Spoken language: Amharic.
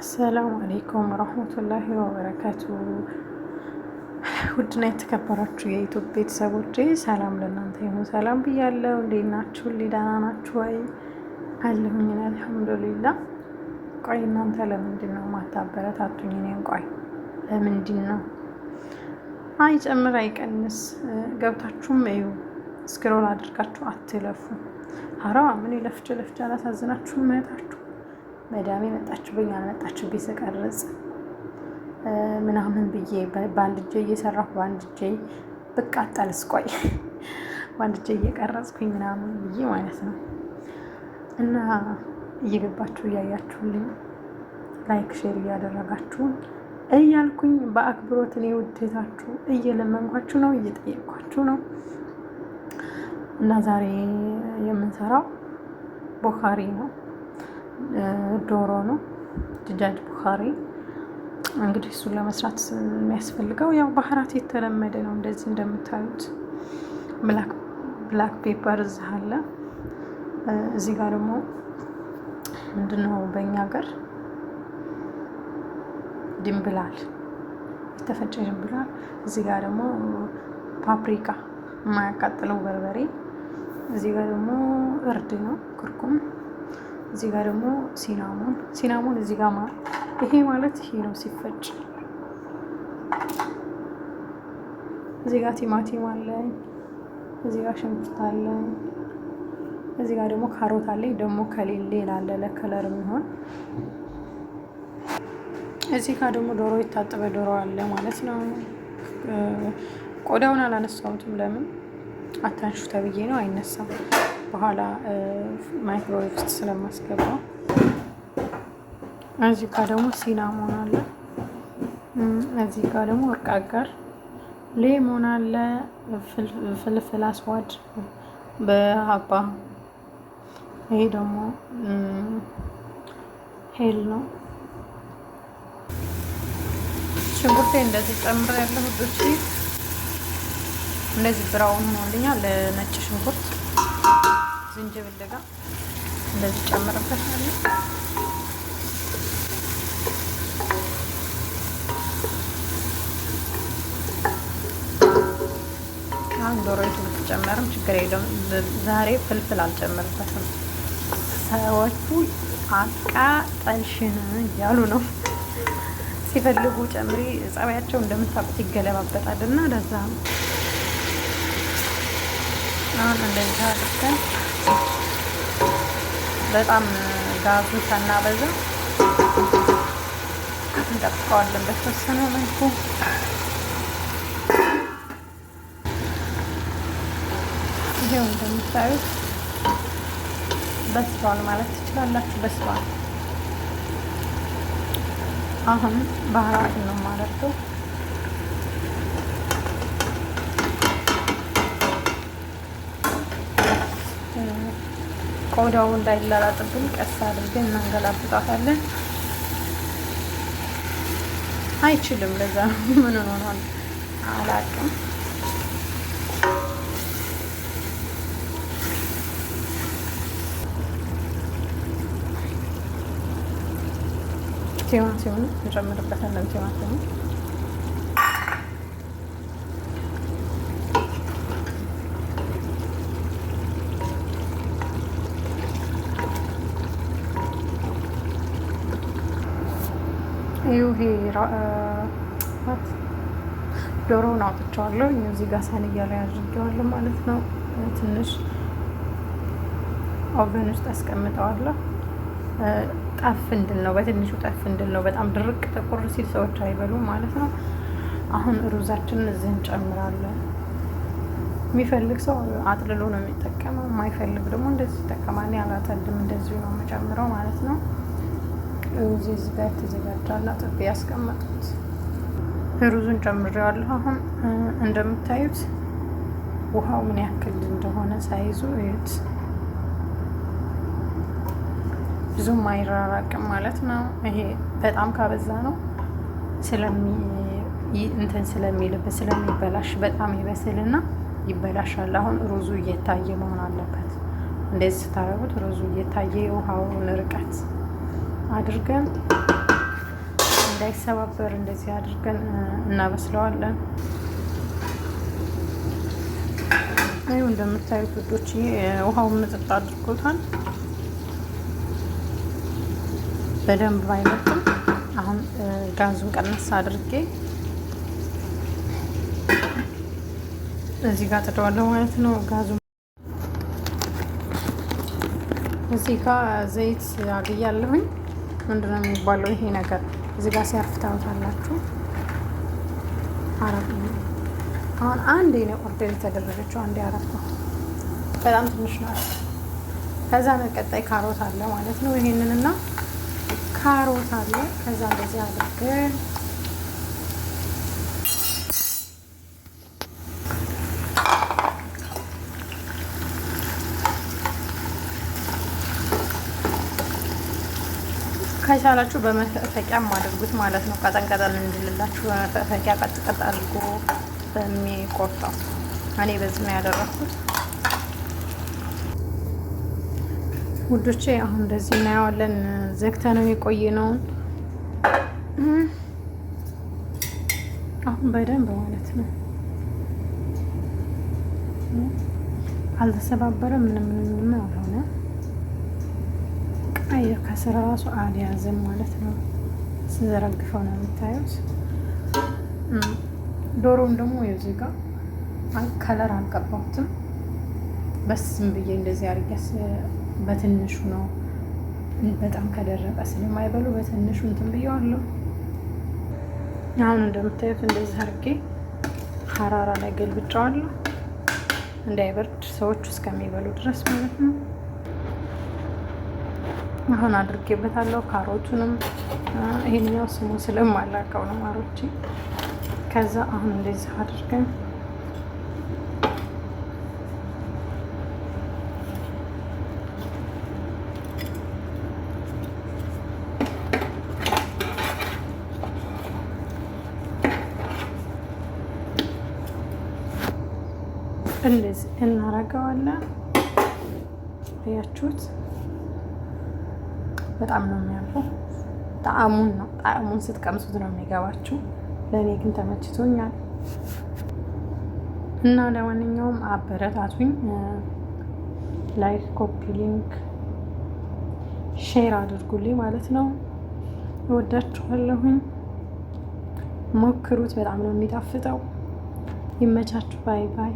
አሰላሙ አሌይኩም ወረህመቱላሂ ወበረካቱ። ውድና የተከበራችሁ የኢትዮጵያ ቤተሰቦች ሰላም ለእናንተ ይሁን። ሰላም ብያለሁ። እንዴት ናችሁ? ደህና ናችሁ ወይ? አለሁኝ አልሐምዱሊላ። ቆይ እናንተ ለምንድን ነው ማታበረታቱኝ? እኔን ቆይ ለምንድን ነው አይጨምር አይቀንስ? ገብታችሁም እዩ፣ ስክሮል አድርጋችሁ አትለፉ። ኧረ ምን ለፍቼ ለፍቼ አላሳዝናችሁም እህታችሁ መዳሜ የመጣችሁብኝ አልመጣችሁብኝ ስቀርጽ ምናምን ብዬ በአንድ እጄ እየሰራሁ በአንድ እጄ ብቃጠል እስቆይ በአንድ እጄ እየቀረጽኩኝ ምናምን ብዬ ማለት ነው። እና እየገባችሁ እያያችሁልኝ ላይክ ሼር እያደረጋችሁን እያልኩኝ በአክብሮት እኔ ውዴታችሁ እየለመንኳችሁ ነው፣ እየጠየቅኳችሁ ነው። እና ዛሬ የምንሰራው ቦካሪ ነው። ዶሮ ነው። ድጃጅ ቡኻሪ እንግዲህ እሱን ለመስራት የሚያስፈልገው ያው ባህራት የተለመደ ነው። እንደዚህ እንደምታዩት ብላክ ፔፐር እዚህ አለ። እዚህ ጋር ደግሞ ምንድነው በእኛ ሀገር ድንብላል፣ የተፈጨ ድንብላል። እዚህ ጋር ደግሞ ፓፕሪካ፣ የማያቃጥለው በርበሬ። እዚህ ጋር ደግሞ እርድ ነው፣ ክርኩም እዚህ ጋር ደግሞ ሲናሞን ሲናሞን እዚህ ጋር ይሄ ማለት ይሄ ነው ሲፈጭ። እዚህ ጋር ቲማቲም አለኝ፣ እዚህ ጋር ሽንኩርት አለኝ፣ እዚህ ጋር ደግሞ ካሮት አለኝ። ደግሞ ከሌል ሌላ አለ ለከለር የሚሆን እዚህ ጋር ደግሞ ዶሮ የታጠበ ዶሮ አለ ማለት ነው። ቆዳውን አላነሳሁትም። ለምን አታንሹ ተብዬ ነው። አይነሳም። በኋላ ማይክሮዌቭ ውስጥ ስለማስገባው። እዚህ ጋር ደግሞ ሲናሞን አለ። እዚህ ጋር ደግሞ ወርቅ አጋር፣ ሌሞን አለ፣ ፍልፍል አስዋድ በሀባ ይሄ ደግሞ ሄል ነው። ሽንኩርቴ እንደዚህ ጨምረ ያለ ህዶች እንደዚህ ብራውን ሆኖልኛል ለነጭ ሽንኩርት ዝንጅብል ጋር እንደዚህ ጨምርበታለሁ። አሁን ዶሮቱ ብትጨመርም ችግር የለውም። ዛሬ ፍልፍል አልጨምርበትም። ሰዎቹ አቃጠልሽን እያሉ ነው ሲፈልጉ ጨምሪ። ጸባያቸው እንደምታውቁት ይገለባበጣል እና ለዛ ነው አሁን እንደዚህ አድርገን በጣም ጋዙን ሳናበዛ እንጠብቀዋለን በተወሰነ መልኩ ይሄው እንደምታዩት በስሏል ማለት ትችላላችሁ። በስሏል። አሁን ባህራትን ነው የማደርገው። ቆዳው እንዳይላላጥብን ቀስ አድርገን እናንገላብጣታለን። አይችልም። ለዛ ምን ሆኗል አላቅም። ቲማቲሙን እንጨምርበታለን። ቲማቲሙን ይሄ ዶሮውን አውጥቼዋለሁ። እዚህ ጋር ሳንያ ላይ አድርጌዋለሁ ማለት ነው። ትንሽ ኦቨን ውስጥ አስቀምጠዋለሁ ጠፍ እንድል ነው፣ በትንሹ ጠፍ እንድል ነው። በጣም ድርቅ ጥቁር ሲል ሰዎች አይበሉም ማለት ነው። አሁን ሩዛችንን እዚህ እንጨምራለን። የሚፈልግ ሰው አጥልሎ ነው የሚጠቀመው፣ የማይፈልግ ደግሞ እንደዚህ ይጠቀማል። ያላጠልም እንደዚሁ ነው የምጨምረው ማለት ነው። እንጂ እዚህ ጋር የተዘጋጃና ጥቤ ያስቀመጡት ሩዙን ጨምሬዋለሁ። አሁን እንደምታዩት ውሃው ምን ያክል እንደሆነ ሳይዙ እዩት። ብዙም አይራራቅም ማለት ነው። ይሄ በጣም ካበዛ ነው ስለሚ እንትን ስለሚልበት ስለሚበላሽ በጣም ይበስልና ይበላሻል። አሁን ሩዙ እየታየ መሆን አለበት። እንደዚህ ስታረጉት ሩዙ እየታየ የውሃውን ርቀት አድርገን እንዳይሰባበር እንደዚህ አድርገን እናበስለዋለን። ይኸው እንደምታዩት ውዶች ውሃውን ምጥጥ አድርጎታል። በደንብ ባይመጥም አሁን ጋዙን ቀነስ አድርጌ እዚህ ጋር ጥደዋለሁ ማለት ነው። ጋዙ እዚህ ጋር ዘይት አግያለሁኝ። ምንድን ነው የሚባለው ይሄ ነገር እዚህ ጋር ሲያርፍ ታወታላችሁ። አረብ አሁን አንዴ ነው ኦርደር የተደረገችው፣ አንዴ አራት ነው። በጣም ትንሽ ነው። ከዛ መቀጣይ ካሮት አለ ማለት ነው። ይሄንን ካሮት አለ ከዛ እንደዚህ አድርገን ከቻላችሁ በመፈፈቂያ ማድርጉት ማለት ነው። ቀጠን ቀጠን እንድልላችሁ በመፈፈቂያ ቀጥቀጥ አድርጎ በሚቆርጠው እኔ በዚህ ነው ያደረኩት ውዶቼ። አሁን እንደዚህ እናየዋለን። ዘግተ ነው የቆየ ነውን አሁን በደንብ ማለት ነው አልተሰባበረ ምንም ምንም ከስር ራሱ አልያዘም ማለት ነው። ስዘረግፈው ነው የምታዩት። ዶሮም ደግሞ የዚህ ጋር ከለር አልቀባሁትም። በስም ብዬ እንደዚህ አድርጌ በትንሹ ነው በጣም ከደረቀ ስለማይበሉ በትንሹ እንትን ብዬዋለሁ። አሁን እንደምታዩት እንደዚህ አድርጌ ሀራራ ላይ ገልብጫዋለሁ እንዳይበርድ ሰዎቹ እስከሚበሉ ድረስ ማለት ነው። አሁን አድርጌበታለሁ። ካሮቱንም ይሄኛው ስሙ ስለማላውቀው ነው ማሮቼ። ከዛ አሁን እንደዚህ አድርገን እንደዚህ እናረገዋለን። ያችሁት በጣም ነው የሚያምረው። ጣዕሙን ነው ጣዕሙን ስትቀምሱት ነው የሚገባችሁ። ለእኔ ግን ተመችቶኛል እና ለማንኛውም አበረታቱኝ። ላይክ፣ ኮፒ ሊንክ፣ ሼር አድርጉልኝ ማለት ነው። እወዳችኋለሁኝ። ሞክሩት፣ በጣም ነው የሚጣፍጠው። ይመቻችሁ። ባይ ባይ።